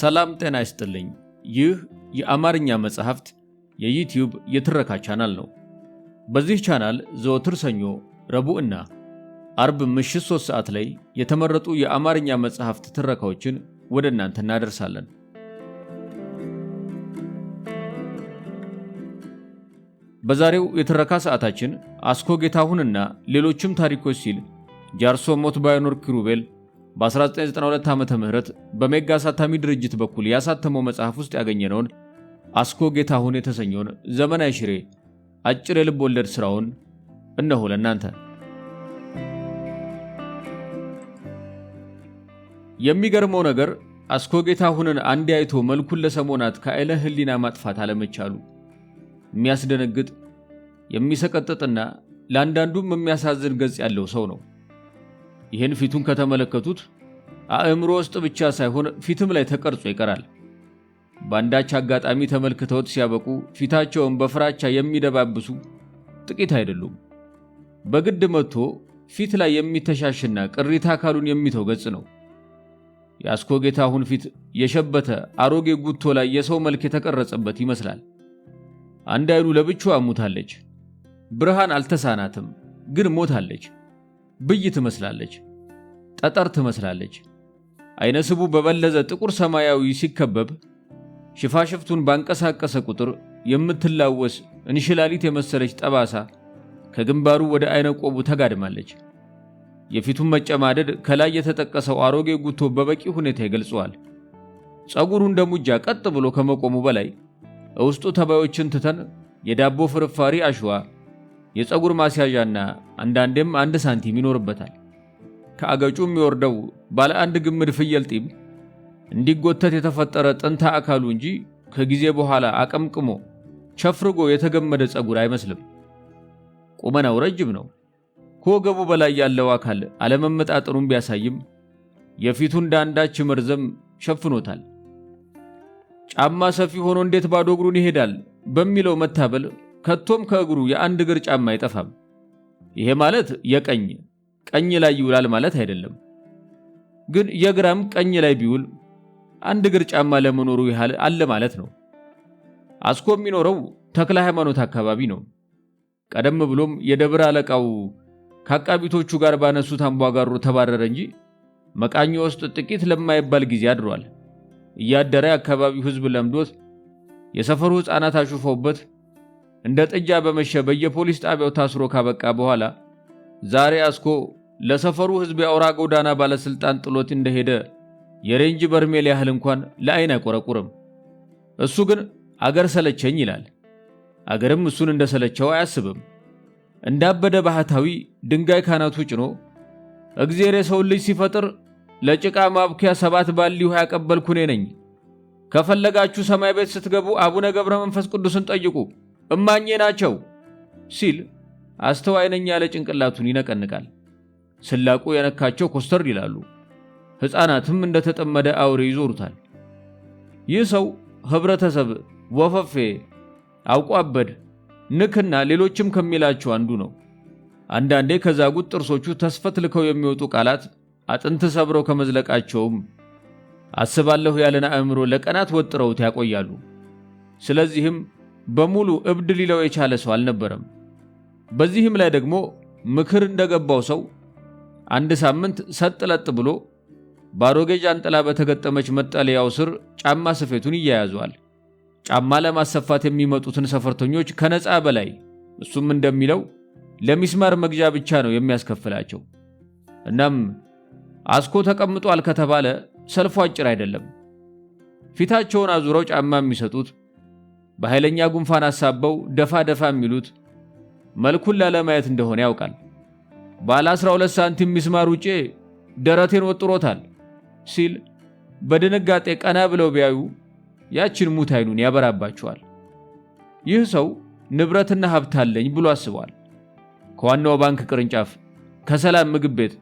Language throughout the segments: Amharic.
ሰላም ጤና ይስጥልኝ። ይህ የአማርኛ መጽሐፍት የዩቲዩብ የትረካ ቻናል ነው። በዚህ ቻናል ዘወትር ሰኞ፣ ረቡዕና አርብ ምሽት 3 ሰዓት ላይ የተመረጡ የአማርኛ መጽሐፍት ትረካዎችን ወደ እናንተ እናደርሳለን። በዛሬው የትረካ ሰዓታችን አስኮ ጌታሁንና ሌሎችም ታሪኮች ሲል ጃርሶ ሞት ባይኖር ኪሩቤል በ1992 ዓመተ ምህረት በሜጋ አሳታሚ ድርጅት በኩል ያሳተመው መጽሐፍ ውስጥ ያገኘነውን አስኮ ጌታሁን የተሰኘውን ዘመናዊ አይሽሬ አጭር የልብ ወለድ ሥራውን እነሆ ለእናንተ። የሚገርመው ነገር አስኮ ጌታሁንን አንዴ አይቶ መልኩን ለሰሞናት ከአይለ ህሊና ማጥፋት አለመቻሉ የሚያስደነግጥ የሚሰቀጥጥና ለአንዳንዱም የሚያሳዝን ገጽ ያለው ሰው ነው። ይህን ፊቱን ከተመለከቱት አእምሮ ውስጥ ብቻ ሳይሆን ፊትም ላይ ተቀርጾ ይቀራል። በአንዳች አጋጣሚ ተመልክተውት ሲያበቁ ፊታቸውን በፍራቻ የሚደባብሱ ጥቂት አይደሉም። በግድ መጥቶ ፊት ላይ የሚተሻሽና ቅሪታ አካሉን የሚተው ገጽ ነው። የአስኮ ጌታሁን ፊት የሸበተ አሮጌ ጉቶ ላይ የሰው መልክ የተቀረጸበት ይመስላል። አንድ አይኑ ለብቻዋ ሞታለች ብርሃን አልተሳናትም፣ ግን ሞታለች። ብይ ትመስላለች፣ ጠጠር ትመስላለች። አይነ ስቡ በበለዘ ጥቁር ሰማያዊ ሲከበብ ሽፋሽፍቱን ባንቀሳቀሰ ቁጥር የምትላወስ እንሽላሊት የመሰለች ጠባሳ ከግንባሩ ወደ አይነ ቆቡ ተጋድማለች። የፊቱን መጨማደድ ከላይ የተጠቀሰው አሮጌ ጉቶ በበቂ ሁኔታ ይገልጸዋል። ጸጉሩ እንደ ሙጃ ቀጥ ብሎ ከመቆሙ በላይ እውስጡ ተባዮችን ትተን የዳቦ ፍርፋሪ አሸዋ የፀጉር ማስያዣና አንዳንዴም አንድ ሳንቲም ይኖርበታል። ከአገጩ የሚወርደው ባለ አንድ ግምድ ፍየል ጢም እንዲጎተት የተፈጠረ ጥንታ አካሉ እንጂ ከጊዜ በኋላ አቀምቅሞ ቸፍርጎ የተገመደ ፀጉር አይመስልም። ቁመናው ረጅም ነው። ከወገቡ በላይ ያለው አካል አለመመጣጠኑን ቢያሳይም የፊቱን ዳንዳች መርዘም ሸፍኖታል። ጫማ ሰፊ ሆኖ እንዴት ባዶ እግሩን ይሄዳል በሚለው መታበል ከቶም ከእግሩ የአንድ እግር ጫማ አይጠፋም። ይሄ ማለት የቀኝ ቀኝ ላይ ይውላል ማለት አይደለም። ግን የግራም ቀኝ ላይ ቢውል አንድ እግር ጫማ ለመኖሩ ያህል አለ ማለት ነው። አስኮ የሚኖረው ተክለ ሃይማኖት አካባቢ ነው። ቀደም ብሎም የደብረ አለቃው ከአቃቢቶቹ ጋር ባነሱት አምባጓሮ ተባረረ እንጂ መቃኞ ውስጥ ጥቂት ለማይባል ጊዜ አድሯል። እያደረ የአካባቢው ሕዝብ ለምዶት የሰፈሩ ሕፃናት አሹፈውበት እንደ ጥጃ በመሸ በየፖሊስ ጣቢያው ታስሮ ካበቃ በኋላ ዛሬ አስኮ ለሰፈሩ ሕዝብ የአውራ ጎዳና ባለስልጣን ጥሎት እንደሄደ የሬንጅ በርሜል ያህል እንኳን ለአይን አይቆረቁርም። እሱ ግን አገር ሰለቸኝ ይላል። አገርም እሱን እንደሰለቸው አያስብም። እንዳበደ ባህታዊ ድንጋይ ካናቱ ጭኖ እግዜር የሰውን ልጅ ሲፈጥር ለጭቃ ማብኪያ ሰባት ባልዲሁ ያቀበልኩ እኔ ነኝ። ከፈለጋችሁ ሰማይ ቤት ስትገቡ አቡነ ገብረ መንፈስ ቅዱስን ጠይቁ እማኜ ናቸው ሲል አስተዋይ ነኝ ያለ ጭንቅላቱን ይነቀንቃል። ስላቁ የነካቸው ኮስተር ይላሉ። ሕፃናትም እንደተጠመደ አውሬ ይዞሩታል። ይህ ሰው ህብረተሰብ፣ ወፈፌ፣ አውቋበድ፣ ንክና ሌሎችም ከሚላቸው አንዱ ነው። አንዳንዴ ከዛጉት ጥርሶቹ ተስፈት ልከው የሚወጡ ቃላት አጥንት ሰብረው ከመዝለቃቸውም አስባለሁ ያለን አእምሮ ለቀናት ወጥረውት ያቆያሉ። ስለዚህም በሙሉ እብድ ሊለው የቻለ ሰው አልነበረም። በዚህም ላይ ደግሞ ምክር እንደገባው ሰው አንድ ሳምንት ሰጥ ለጥ ብሎ በአሮጌ ጃንጥላ በተገጠመች መጠለያው ስር ጫማ ስፌቱን ይያያዟል። ጫማ ለማሰፋት የሚመጡትን ሰፈርተኞች ከነፃ በላይ እሱም እንደሚለው ለሚስማር መግዣ ብቻ ነው የሚያስከፍላቸው። እናም አስኮ ተቀምጧል ከተባለ ሰልፉ አጭር አይደለም። ፊታቸውን አዙረው ጫማ የሚሰጡት በኃይለኛ ጉንፋን አሳበው ደፋ ደፋ የሚሉት መልኩን ላለማየት እንደሆነ ያውቃል። ባለ 12 ሳንቲም ሚስማር ውጬ ደረቴን ወጥሮታል ሲል በድንጋጤ ቀና ብለው ቢያዩ ያችን ሙት አይኑን ያበራባቸዋል። ይህ ሰው ንብረትና ሀብት አለኝ ብሎ አስቧል። ከዋናው ባንክ ቅርንጫፍ፣ ከሰላም ምግብ ቤት፣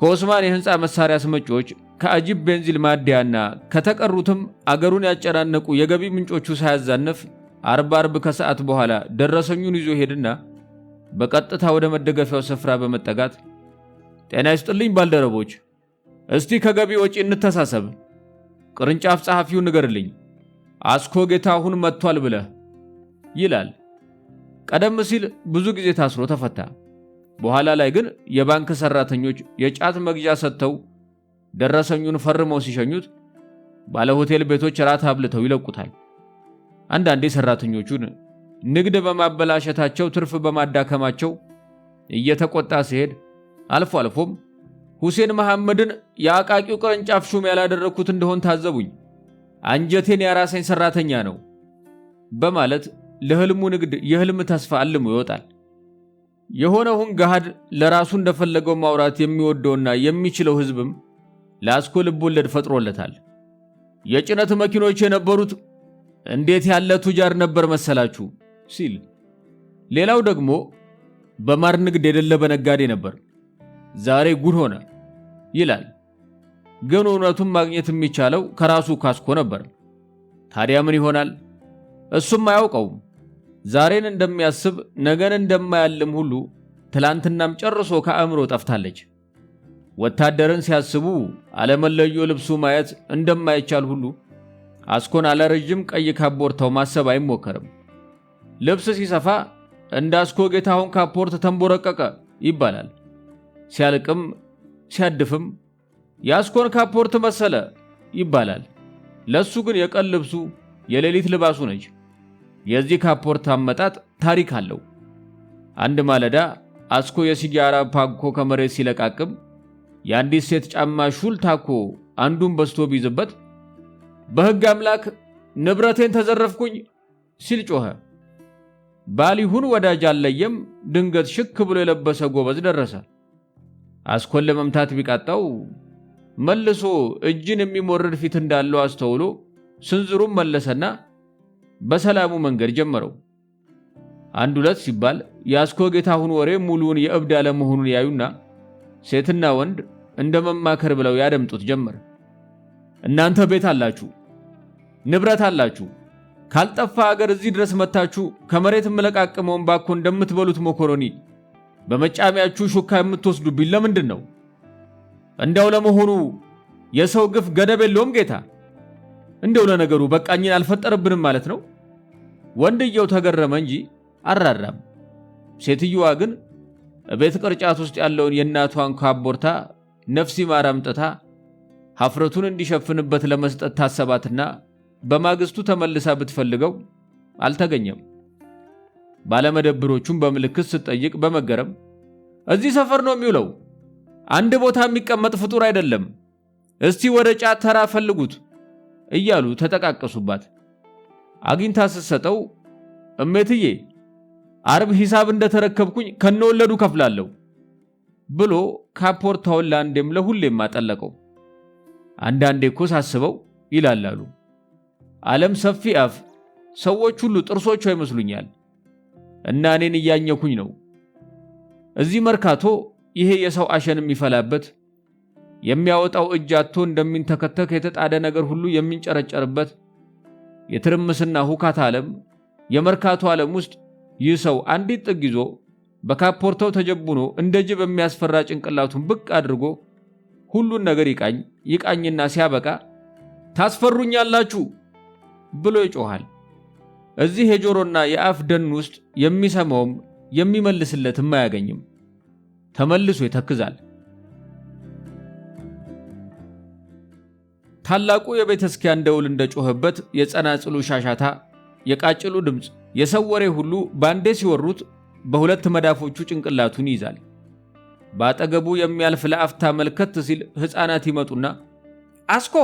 ከኦስማን የህንፃ መሳሪያ አስመጪዎች ከአጂብ ቤንዚል ማደያና ከተቀሩትም አገሩን ያጨናነቁ የገቢ ምንጮቹ ሳያዛነፍ አርብ አርብ ከሰዓት በኋላ ደረሰኙን ይዞ ሄድና በቀጥታ ወደ መደገፊያው ስፍራ በመጠጋት ጤና ይስጥልኝ ባልደረቦች፣ እስቲ ከገቢ ወጪ እንተሳሰብ። ቅርንጫፍ ጸሐፊው ንገርልኝ፣ አስኮ ጌታ አሁን መጥቷል ብለህ ይላል። ቀደም ሲል ብዙ ጊዜ ታስሮ ተፈታ። በኋላ ላይ ግን የባንክ ሰራተኞች የጫት መግዣ ሰጥተው ደረሰኙን ፈርመው ሲሸኙት ባለ ሆቴል ቤቶች ራት አብልተው ይለቁታል። አንዳንዴ ሰራተኞቹን ንግድ በማበላሸታቸው ትርፍ በማዳከማቸው እየተቆጣ ሲሄድ አልፎ አልፎም ሁሴን መሐመድን የአቃቂው ቅርንጫፍ ሹም ያላደረግኩት እንደሆን ታዘቡኝ፣ አንጀቴን ያራሰኝ ሰራተኛ ነው በማለት ለህልሙ ንግድ የህልም ተስፋ አልሞ ይወጣል። የሆነውን ገሃድ ለራሱ እንደፈለገው ማውራት የሚወደውና የሚችለው ህዝብም ላስኮ ወለድ ፈጥሮለታል። የጭነት መኪኖች የነበሩት እንዴት ያለ ቱጃር ነበር መሰላችሁ ሲል፣ ሌላው ደግሞ በማር ንግድ የደለበ ነጋዴ ነበር። ዛሬ ጉድ ሆነ ይላል። ግን እውነቱን ማግኘት የሚቻለው ከራሱ ካስኮ ነበር። ታዲያ ምን ይሆናል? እሱም አያውቀውም። ዛሬን እንደሚያስብ ነገን እንደማያልም ሁሉ ትላንትናም ጨርሶ ከአእምሮ ጠፍታለች። ወታደርን ሲያስቡ አለመለዮ ልብሱ ማየት እንደማይቻል ሁሉ አስኮን አለረዥም ቀይ ካፖርታው ማሰብ አይሞከርም። ልብስ ሲሰፋ እንደ አስኮ ጌታሁን ካፖርት ተንቦረቀቀ ይባላል። ሲያልቅም ሲያድፍም የአስኮን ካፖርት መሰለ ይባላል። ለሱ ግን የቀን ልብሱ የሌሊት ልባሱ ነች። የዚህ ካፖርት አመጣጥ ታሪክ አለው። አንድ ማለዳ አስኮ የሲጋራ ፓኮ ከመሬት ሲለቃቅም የአንዲት ሴት ጫማ ሹል ታኮ አንዱን በስቶ ቢይዝበት በሕግ አምላክ ንብረቴን ተዘረፍኩኝ ሲል ጮኸ። ባል ይሁን ወዳጅ አለየም። ድንገት ሽክ ብሎ የለበሰ ጎበዝ ደረሰ። አስኮን ለመምታት ቢቃጣው መልሶ እጅን የሚሞርድ ፊት እንዳለው አስተውሎ ስንዝሩም መለሰና በሰላሙ መንገድ ጀመረው። አንድ ሁለት ሲባል የአስኮ ጌታሁን ወሬ ሙሉውን የእብድ አለመሆኑን ያዩና ሴትና ወንድ እንደ መማከር ብለው ያደምጡት ጀመር። እናንተ ቤት አላችሁ፣ ንብረት አላችሁ። ካልጠፋ አገር እዚህ ድረስ መታችሁ ከመሬት የምለቃቅመውን ባኮ እንደምትበሉት መኮሮኒ በመጫሚያችሁ ሹካ የምትወስዱብኝ ለምንድን ነው? እንደው ለመሆኑ የሰው ግፍ ገደብ የለውም ጌታ? እንደው ለነገሩ በቃኝን አልፈጠረብንም ማለት ነው? ወንድየው ተገረመ እንጂ አራራም። ሴትየዋ ግን ቤት ቅርጫት ውስጥ ያለውን የእናቷን ካቦርታ ነፍሲ ማር ሀፍረቱን እንዲሸፍንበት ለመስጠት ታሰባትና በማግስቱ ተመልሳ ብትፈልገው አልተገኘም። ባለመደብሮቹን በምልክት ስትጠይቅ በመገረም እዚህ ሰፈር ነው የሚውለው፣ አንድ ቦታ የሚቀመጥ ፍጡር አይደለም፣ እስቲ ወደ ጫት ተራ ፈልጉት እያሉ ተጠቃቀሱባት። አግኝታ ስትሰጠው እሜትዬ አርብ ሂሳብ እንደተረከብኩኝ ከነወለዱ ከፍላለሁ ብሎ ካፖርታውን ለአንዴም ለሁሌም አጠለቀው። አንዳንዴ እኮ ሳስበው ይላላሉ ዓለም ሰፊ አፍ፣ ሰዎች ሁሉ ጥርሶቿ ይመስሉኛል እና እኔን እያኘኩኝ ነው። እዚህ መርካቶ ይሄ የሰው አሸን የሚፈላበት የሚያወጣው እጅ አቶ እንደሚንተከተክ የተጣደ ነገር ሁሉ የሚንጨረጨርበት የትርምስና ሁካታ ዓለም የመርካቶ ዓለም ውስጥ ይህ ሰው አንዲት ጥግ ይዞ በካፖርታው ተጀቡኖ እንደ ጅብ የሚያስፈራ ጭንቅላቱን ብቅ አድርጎ ሁሉን ነገር ይቃኝ ይቃኝና ሲያበቃ ታስፈሩኛላችሁ ብሎ ይጮኋል። እዚህ የጆሮና የአፍ ደን ውስጥ የሚሰማውም የሚመልስለትም አያገኝም። ተመልሶ ይተክዛል። ታላቁ የቤተ ክርስቲያን ደውል እንደ ጮኸበት የጸናጽሉ ሻሻታ የቃጭሉ ድምፅ፣ የሰው ወሬ ሁሉ ባንዴ ሲወሩት በሁለት መዳፎቹ ጭንቅላቱን ይይዛል። በአጠገቡ የሚያልፍ ለአፍታ መልከት ሲል ሕፃናት ይመጡና አስኮ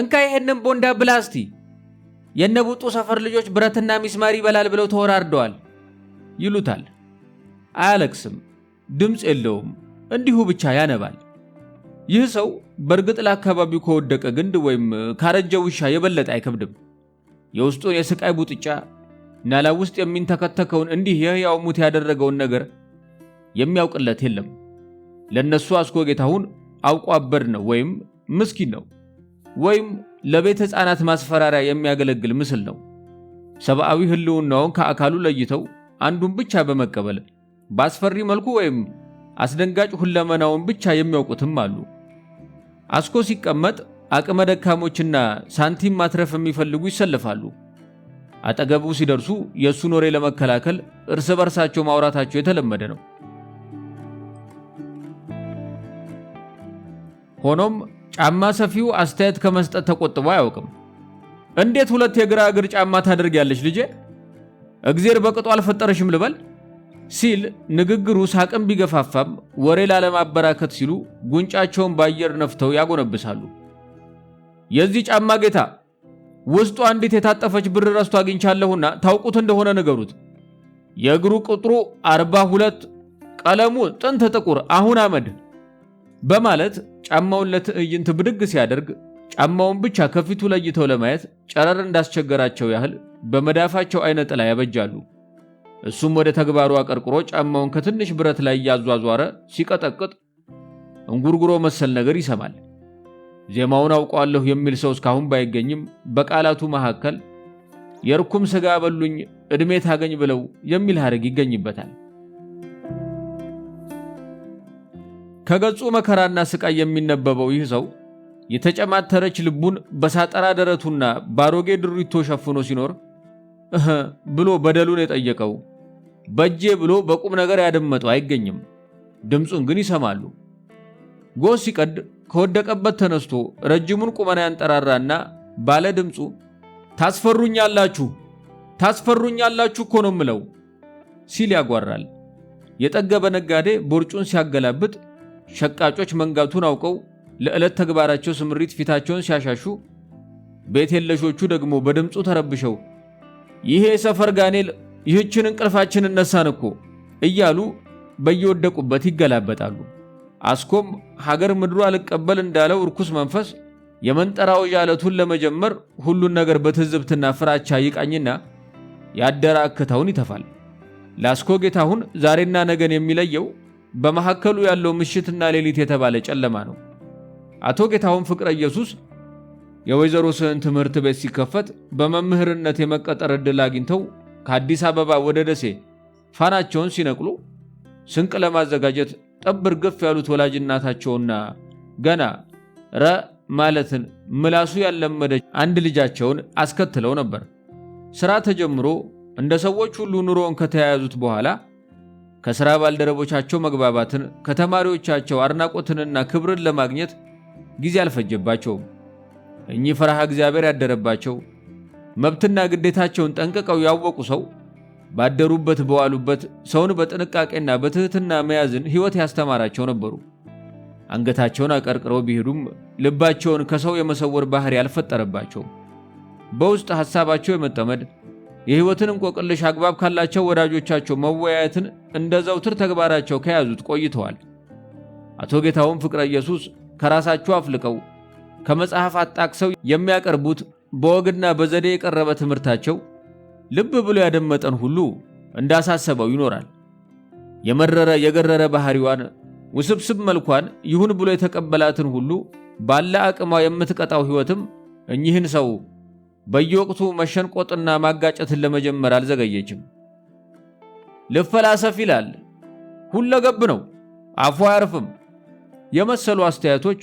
እንካ ይህንም ቦንዳ ብላስቲ የነቡጡ ሰፈር ልጆች ብረትና ሚስማር ይበላል ብለው ተወራርደዋል ይሉታል። አያለቅስም፣ ድምፅ የለውም፣ እንዲሁ ብቻ ያነባል። ይህ ሰው በእርግጥ ለአካባቢው ከወደቀ ግንድ ወይም ካረጀ ውሻ የበለጠ አይከብድም። የውስጡን የስቃይ ቡጥጫ ናላ ውስጥ የሚንተከተከውን እንዲህ የሕያው ሙት ያደረገውን ነገር የሚያውቅለት የለም። ለነሱ አስኮ ጌታሁን አውቆ አበድ ነው ወይም ምስኪን ነው ወይም ለቤት ሕፃናት ማስፈራሪያ የሚያገለግል ምስል ነው። ሰብአዊ ህልውናውን ከአካሉ ለይተው አንዱን ብቻ በመቀበል በአስፈሪ መልኩ ወይም አስደንጋጭ ሁለመናውን ብቻ የሚያውቁትም አሉ። አስኮ ሲቀመጥ አቅመ ደካሞችና ሳንቲም ማትረፍ የሚፈልጉ ይሰልፋሉ። አጠገቡ ሲደርሱ የእሱን ወሬ ለመከላከል እርስ በርሳቸው ማውራታቸው የተለመደ ነው። ሆኖም ጫማ ሰፊው አስተያየት ከመስጠት ተቆጥቦ አያውቅም። እንዴት ሁለት የግራ እግር ጫማ ታደርጊያለሽ ልጄ? እግዜር በቅጡ አልፈጠረሽም ልበል? ሲል ንግግሩ ሳቅም ቢገፋፋም ወሬ ላለማበራከት ሲሉ ጉንጫቸውን በአየር ነፍተው ያጎነብሳሉ። የዚህ ጫማ ጌታ ውስጡ አንዲት የታጠፈች ብር ረስቶ አግኝቻለሁና ታውቁት እንደሆነ ንገሩት። የእግሩ ቁጥሩ አርባ ሁለት ቀለሙ ጥንት ጥቁር አሁን አመድ በማለት ጫማውን ለትዕይንት ብድግ ሲያደርግ ጫማውን ብቻ ከፊቱ ለይተው ለማየት ጨረር እንዳስቸገራቸው ያህል በመዳፋቸው አይነ ጥላ ያበጃሉ። እሱም ወደ ተግባሩ አቀርቅሮ ጫማውን ከትንሽ ብረት ላይ እያዟዟረ ሲቀጠቅጥ እንጉርጉሮ መሰል ነገር ይሰማል። ዜማውን አውቀዋለሁ የሚል ሰው እስካሁን ባይገኝም በቃላቱ መካከል የርኩም ሥጋ በሉኝ ዕድሜ ታገኝ ብለው የሚል ሐረግ ይገኝበታል። ከገጹ መከራና ስቃይ የሚነበበው ይህ ሰው የተጨማተረች ልቡን በሳጠራ ደረቱና ባሮጌ ድሪቶ ሸፍኖ ሲኖር እህ ብሎ በደሉን የጠየቀው በጄ ብሎ በቁም ነገር ያደመጠው አይገኝም። ድምፁን ግን ይሰማሉ። ጎህ ሲቀድ ከወደቀበት ተነስቶ ረጅሙን ቁመና ያንጠራራና ባለ ድምፁ ታስፈሩኛላችሁ፣ ታስፈሩኛላችሁ እኮ ነው ምለው ሲል ያጓራል። የጠገበ ነጋዴ ቦርጩን ሲያገላብጥ ሸቃጮች መንጋቱን አውቀው ለዕለት ተግባራቸው ስምሪት ፊታቸውን ሲያሻሹ ቤት የለሾቹ ደግሞ በድምፁ ተረብሸው ይሄ ሰፈር ጋኔል ይህችን እንቅልፋችን እነሳን እኮ እያሉ በየወደቁበት ይገላበጣሉ። አስኮም ሀገር ምድሩ አልቀበል እንዳለው እርኩስ መንፈስ የመንጠራወዣ ዓለቱን ለመጀመር ሁሉን ነገር በትዝብትና ፍራቻ ይቃኝና ያደራከተውን ይተፋል። ላስኮ ጌታሁን ዛሬና ነገን የሚለየው በመሃከሉ ያለው ምሽትና ሌሊት የተባለ ጨለማ ነው። አቶ ጌታሁን ፍቅረ ኢየሱስ የወይዘሮ ስህን ትምህርት ቤት ሲከፈት በመምህርነት የመቀጠር ዕድል አግኝተው ከአዲስ አበባ ወደ ደሴ ፋናቸውን ሲነቅሉ ስንቅ ለማዘጋጀት ጠብ እርግፍ ያሉት ወላጅ እናታቸውና ገና ረ ማለትን ምላሱ ያለመደች አንድ ልጃቸውን አስከትለው ነበር። ስራ ተጀምሮ እንደ ሰዎች ሁሉ ኑሮን ከተያያዙት በኋላ ከስራ ባልደረቦቻቸው መግባባትን፣ ከተማሪዎቻቸው አድናቆትንና ክብርን ለማግኘት ጊዜ አልፈጀባቸውም። እኚህ ፈርሃ እግዚአብሔር ያደረባቸው መብትና ግዴታቸውን ጠንቅቀው ያወቁ ሰው ባደሩበት በዋሉበት ሰውን በጥንቃቄና በትህትና መያዝን ሕይወት ያስተማራቸው ነበሩ። አንገታቸውን አቀርቅረው ቢሄዱም ልባቸውን ከሰው የመሰወር ባህሪ አልፈጠረባቸውም። በውስጥ ሐሳባቸው የመጠመድ የሕይወትን እንቆቅልሽ አግባብ ካላቸው ወዳጆቻቸው መወያየትን እንደ ዘውትር ተግባራቸው ከያዙት ቆይተዋል። አቶ ጌታሁን ፍቅረ ኢየሱስ ከራሳቸው አፍልቀው ከመጽሐፍ አጣቅሰው የሚያቀርቡት በወግና በዘዴ የቀረበ ትምህርታቸው ልብ ብሎ ያደመጠን ሁሉ እንዳሳሰበው ይኖራል። የመረረ የገረረ ባህሪዋን ውስብስብ መልኳን ይሁን ብሎ የተቀበላትን ሁሉ ባለ አቅሟ የምትቀጣው ሕይወትም እኚህን ሰው በየወቅቱ መሸንቆጥና ማጋጨትን ለመጀመር አልዘገየችም። ልፈላሰፍ ይላል፣ ሁለገብ ነው፣ አፉ አያርፍም የመሰሉ አስተያየቶች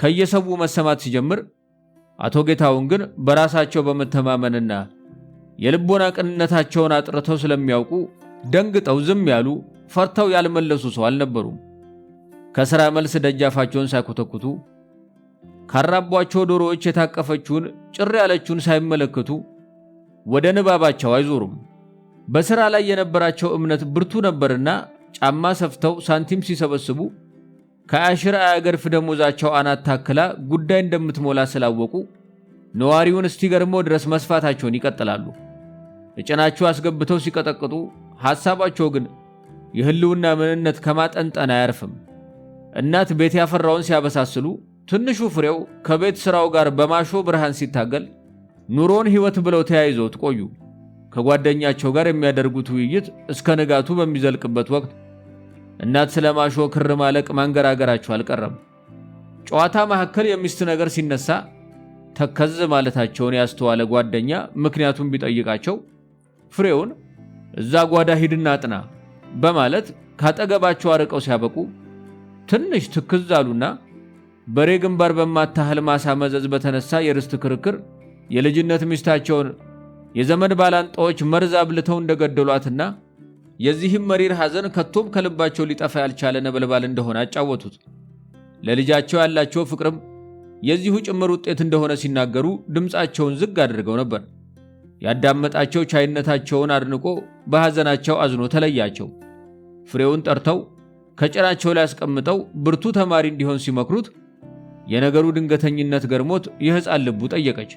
ከየሰቡ መሰማት ሲጀምር አቶ ጌታሁን ግን በራሳቸው በመተማመንና የልቦና ቅንነታቸውን አጥርተው ስለሚያውቁ ደንግጠው ዝም ያሉ፣ ፈርተው ያልመለሱ ሰው አልነበሩም። ከሥራ መልስ ደጃፋቸውን ሳይኮተኩቱ፣ ካራቧቸው ዶሮዎች የታቀፈችውን ጭር ያለችውን ሳይመለከቱ ወደ ንባባቸው አይዞሩም። በሥራ ላይ የነበራቸው እምነት ብርቱ ነበርና ጫማ ሰፍተው ሳንቲም ሲሰበስቡ ከአሽር አገርፍ ደሞዛቸው አናት ታክላ ጉዳይ እንደምትሞላ ስላወቁ ነዋሪውን እስኪገርመው ድረስ መስፋታቸውን ይቀጥላሉ። እጭናችሁ አስገብተው ሲቀጠቅጡ ሐሳባቸው ግን የህልውና ምንነት ከማጠንጠን አያርፍም። እናት ቤት ያፈራውን ሲያበሳስሉ፣ ትንሹ ፍሬው ከቤት ሥራው ጋር በማሾ ብርሃን ሲታገል ኑሮን ሕይወት ብለው ተያይዘውት ቆዩ። ከጓደኛቸው ጋር የሚያደርጉት ውይይት እስከ ንጋቱ በሚዘልቅበት ወቅት እናት ስለ ማሾ ክር ማለቅ ማንገራገራቸው አልቀረም። ጨዋታ መካከል የሚስት ነገር ሲነሳ ተከዝ ማለታቸውን ያስተዋለ ጓደኛ ምክንያቱን ቢጠይቃቸው ፍሬውን እዛ ጓዳ ሂድና ጥና በማለት ካጠገባቸው አርቀው ሲያበቁ ትንሽ ትክዝ አሉና በሬ ግንባር በማታህል ማሳ መዘዝ በተነሳ የርስት ክርክር የልጅነት ሚስታቸውን የዘመን ባላንጣዎች መርዝ አብልተው እንደገደሏትና የዚህም መሪር ሐዘን ከቶም ከልባቸው ሊጠፋ ያልቻለ ነበልባል እንደሆነ አጫወቱት። ለልጃቸው ያላቸው ፍቅርም የዚሁ ጭምር ውጤት እንደሆነ ሲናገሩ ድምፃቸውን ዝግ አድርገው ነበር። ያዳመጣቸው ቻይነታቸውን አድንቆ በሐዘናቸው አዝኖ ተለያቸው። ፍሬውን ጠርተው ከጭራቸው ላይ አስቀምጠው ብርቱ ተማሪ እንዲሆን ሲመክሩት የነገሩ ድንገተኝነት ገርሞት የሕፃን ልቡ ጠየቀች።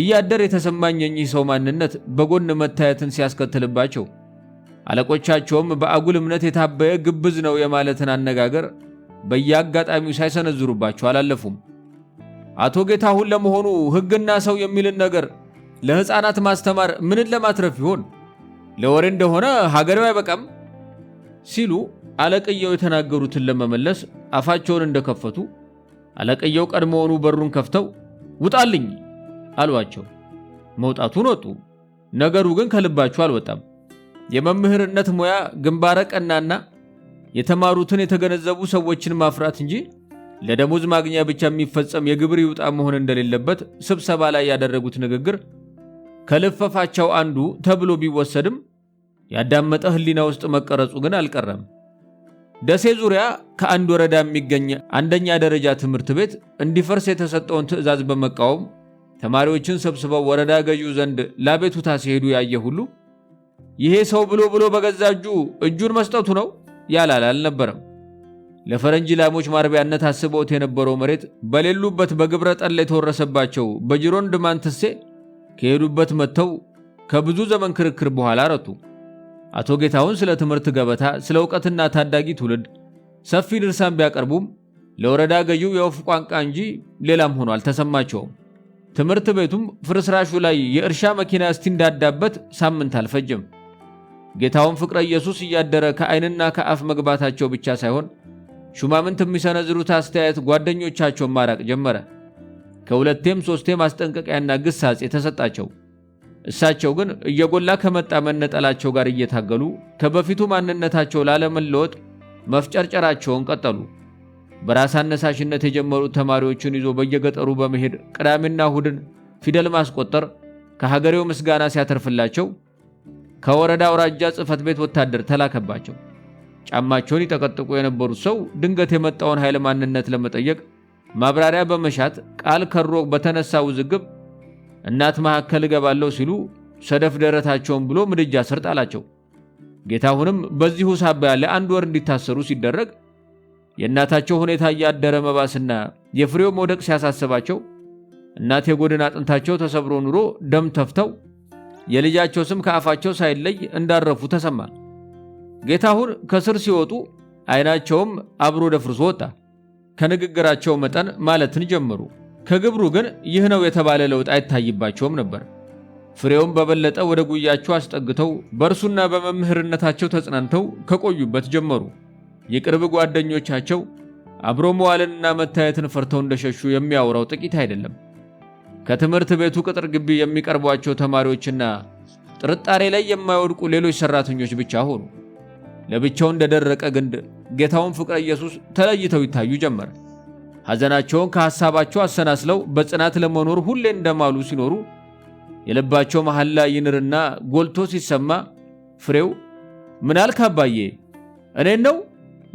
እያደር የተሰማኝ የኚህ ሰው ማንነት በጎን መታየትን ሲያስከትልባቸው አለቆቻቸውም በአጉል እምነት የታበየ ግብዝ ነው የማለትን አነጋገር በየአጋጣሚው ሳይሰነዝሩባቸው አላለፉም። አቶ ጌታሁን ለመሆኑ ሕግና ሰው የሚልን ነገር ለሕፃናት ማስተማር ምንን ለማትረፍ ይሆን? ለወሬ እንደሆነ ሀገሬው አይበቃም ሲሉ አለቅየው የተናገሩትን ለመመለስ አፋቸውን እንደከፈቱ አለቅየው ቀድሞውኑ በሩን ከፍተው ውጣልኝ አሏቸው። መውጣቱን ወጡ። ነገሩ ግን ከልባቸው አልወጣም። የመምህርነት ሙያ ግንባረ ቀናና የተማሩትን የተገነዘቡ ሰዎችን ማፍራት እንጂ ለደሞዝ ማግኛ ብቻ የሚፈጸም የግብር ይውጣ መሆን እንደሌለበት ስብሰባ ላይ ያደረጉት ንግግር ከልፈፋቸው አንዱ ተብሎ ቢወሰድም ያዳመጠ ሕሊና ውስጥ መቀረጹ ግን አልቀረም። ደሴ ዙሪያ ከአንድ ወረዳ የሚገኝ አንደኛ ደረጃ ትምህርት ቤት እንዲፈርስ የተሰጠውን ትዕዛዝ በመቃወም ተማሪዎችን ሰብስበው ወረዳ ገዢው ዘንድ ላቤቱታ ሲሄዱ ያየ ሁሉ ይሄ ሰው ብሎ ብሎ በገዛ እጁ እጁን መስጠቱ ነው ያላል አልነበረም። ለፈረንጅ ላሞች ማርቢያነት አስበውት የነበረው መሬት በሌሉበት በግብረ ጠል የተወረሰባቸው በጅሮንድማን ትሴ ከሄዱበት መጥተው ከብዙ ዘመን ክርክር በኋላ ረቱ። አቶ ጌታሁን ስለ ትምህርት ገበታ፣ ስለ እውቀትና ታዳጊ ትውልድ ሰፊ ድርሳን ቢያቀርቡም ለወረዳ ገዢው የወፍ ቋንቋ እንጂ ሌላም ሆኖ አልተሰማቸውም። ትምህርት ቤቱም ፍርስራሹ ላይ የእርሻ መኪና እንዳዳበት ሳምንት አልፈጀም። ጌታውን ፍቅረ ኢየሱስ እያደረ ከዓይንና ከአፍ መግባታቸው ብቻ ሳይሆን ሹማምንት የሚሰነዝሩት አስተያየት ጓደኞቻቸውን ማራቅ ጀመረ። ከሁለቴም ሶስቴም ማስጠንቀቂያና ግሳጽ የተሰጣቸው እሳቸው ግን እየጎላ ከመጣ መነጠላቸው ጋር እየታገሉ ከበፊቱ ማንነታቸው ላለመለወጥ መፍጨርጨራቸውን ቀጠሉ። በራስ አነሳሽነት የጀመሩት ተማሪዎችን ይዞ በየገጠሩ በመሄድ ቅዳሜና እሁድን ፊደል ማስቆጠር ከሀገሬው ምስጋና ሲያተርፍላቸው ከወረዳ አውራጃ ጽሕፈት ቤት ወታደር ተላከባቸው። ጫማቸውን ይጠቀጥቁ የነበሩት ሰው ድንገት የመጣውን ኃይል ማንነት ለመጠየቅ ማብራሪያ በመሻት ቃል ከሮ በተነሳ ውዝግብ እናት መካከል እገባለሁ ሲሉ ሰደፍ ደረታቸውን ብሎ ምድጃ ስር ጣላቸው። ጌታሁንም በዚሁ ሳቢያ ለአንድ ወር እንዲታሰሩ ሲደረግ የእናታቸው ሁኔታ እያደረ መባስና የፍሬው መውደቅ ሲያሳስባቸው እናት የጎድን አጥንታቸው ተሰብሮ ኑሮ ደም ተፍተው የልጃቸው ስም ከአፋቸው ሳይለይ እንዳረፉ ተሰማ። ጌታሁን ከስር ሲወጡ አይናቸውም አብሮ ደፍርሶ ወጣ። ከንግግራቸው መጠን ማለትን ጀመሩ። ከግብሩ ግን ይህ ነው የተባለ ለውጥ አይታይባቸውም ነበር። ፍሬውም በበለጠ ወደ ጉያቸው አስጠግተው በእርሱና በመምህርነታቸው ተጽናንተው ከቆዩበት ጀመሩ። የቅርብ ጓደኞቻቸው አብሮ መዋልንና መታየትን ፈርተው እንደሸሹ የሚያወራው ጥቂት አይደለም። ከትምህርት ቤቱ ቅጥር ግቢ የሚቀርቧቸው ተማሪዎችና ጥርጣሬ ላይ የማይወድቁ ሌሎች ሰራተኞች ብቻ ሆኑ። ለብቻው እንደደረቀ ግንድ ጌታውን ፍቅረ ኢየሱስ ተለይተው ይታዩ ጀመር። ሐዘናቸውን ከሐሳባቸው አሰናስለው በጽናት ለመኖር ሁሌ እንደማሉ ሲኖሩ የልባቸው ላይ ይንርና ጎልቶ ሲሰማ ፍሬው ምን አልክ አባዬ? እኔን ነው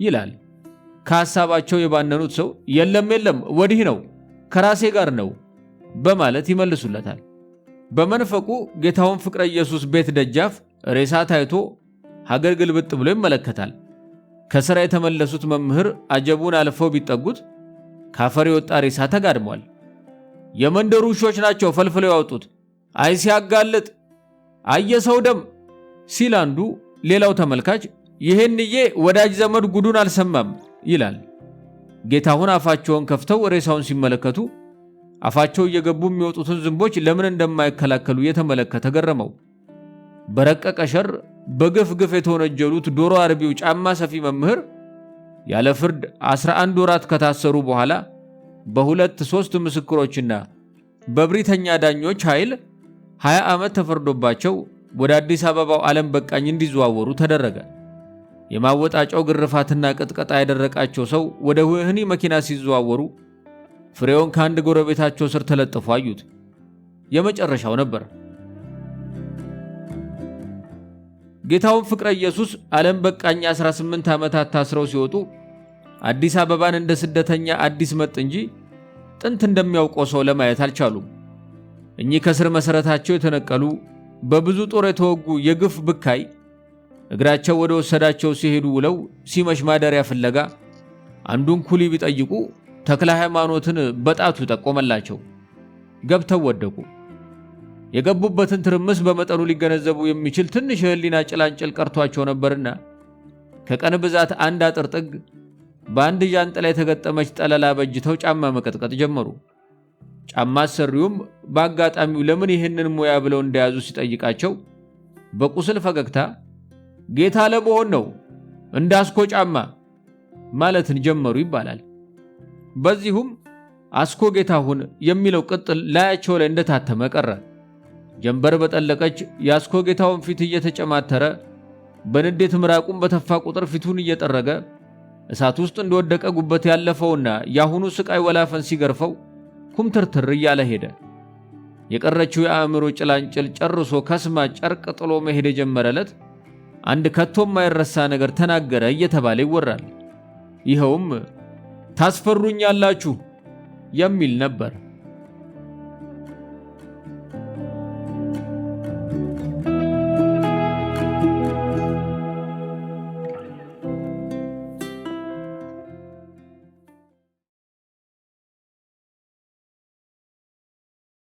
ይላል። ከሐሳባቸው የባነኑት ሰው የለም የለም፣ ወዲህ ነው፣ ከራሴ ጋር ነው በማለት ይመልሱለታል። በመንፈቁ ጌታውን ፍቅረ ኢየሱስ ቤት ደጃፍ ሬሳ ታይቶ ሀገር ግልብጥ ብሎ ይመለከታል። ከሥራ የተመለሱት መምህር አጀቡን አልፈው ቢጠጉት ካፈር የወጣ ሬሳ ተጋድሟል። የመንደሩ ውሾች ናቸው ፈልፍለው ያወጡት። አይ ሲያጋልጥ አየሰው ደም ሲል አንዱ፣ ሌላው ተመልካች ይህንዬ ወዳጅ ዘመድ ጉዱን አልሰማም ይላል። ጌታሁን አፋቸውን ከፍተው ሬሳውን ሲመለከቱ አፋቸው እየገቡ የሚወጡትን ዝንቦች ለምን እንደማይከላከሉ እየተመለከተ ገረመው። በረቀቀ ሸር በግፍ ግፍ የተወነጀሉት ዶሮ አርቢው ጫማ ሰፊ መምህር ያለ ፍርድ 11 ወራት ከታሰሩ በኋላ በሁለት ሶስት ምስክሮችና በብሪተኛ ዳኞች ኃይል 20 ዓመት ተፈርዶባቸው ወደ አዲስ አበባው ዓለም በቃኝ እንዲዘዋወሩ ተደረገ። የማወጣጫው ግርፋትና ቅጥቀጣ ያደረቃቸው ሰው ወደ ወህኒ መኪና ሲዘዋወሩ ፍሬውን ከአንድ ጎረቤታቸው ስር ተለጥፎ አዩት። የመጨረሻው ነበር። ጌታውን ፍቅረ ኢየሱስ ዓለም በቃኝ 18 ዓመታት ታስረው ሲወጡ አዲስ አበባን እንደ ስደተኛ አዲስ መጥ እንጂ ጥንት እንደሚያውቀው ሰው ለማየት አልቻሉም። እኚህ ከስር መሠረታቸው የተነቀሉ በብዙ ጦር የተወጉ የግፍ ብካይ እግራቸው ወደ ወሰዳቸው ሲሄዱ ውለው ሲመሽ ማደሪያ ፍለጋ አንዱን ኩሊ ቢጠይቁ ተክለ ሃይማኖትን በጣቱ ጠቆመላቸው። ገብተው ወደቁ። የገቡበትን ትርምስ በመጠኑ ሊገነዘቡ የሚችል ትንሽ የህሊና ጭላንጭል ቀርቷቸው ነበርና ከቀን ብዛት አንድ አጥር ጥግ በአንድ ዣንጥላ የተገጠመች ጠለላ በጅተው ጫማ መቀጥቀጥ ጀመሩ። ጫማ አሰሪውም በአጋጣሚው ለምን ይህንን ሙያ ብለው እንደያዙ ሲጠይቃቸው በቁስል ፈገግታ ጌታ ለመሆን ነው እንዳስኮ ጫማ ማለትን ጀመሩ ይባላል። በዚሁም አስኮ ሁን የሚለው ቅጥል ላያቸው ላይ እንደታተመ ቀረ። ጀንበር በጠለቀች ያስኮ ጌታውን ፊት እየተጨማተረ በንዴት ምራቁን በተፋ ቁጥር ፊቱን እየጠረገ እሳት ውስጥ እንደወደቀ ጉበት ያለፈውና የአሁኑ ስቃይ ወላፈን ሲገርፈው ኩምትርትር እያለ ሄደ። የቀረችው የአእምሮ ጭላንጭል ጨርሶ ከስማ ጨርቅ ጥሎ መሄድ የጀመረለት አንድ ከቶ የማይረሳ ነገር ተናገረ እየተባለ ይወራል። ይኸውም ታስፈሩኛላችሁ የሚል ነበር።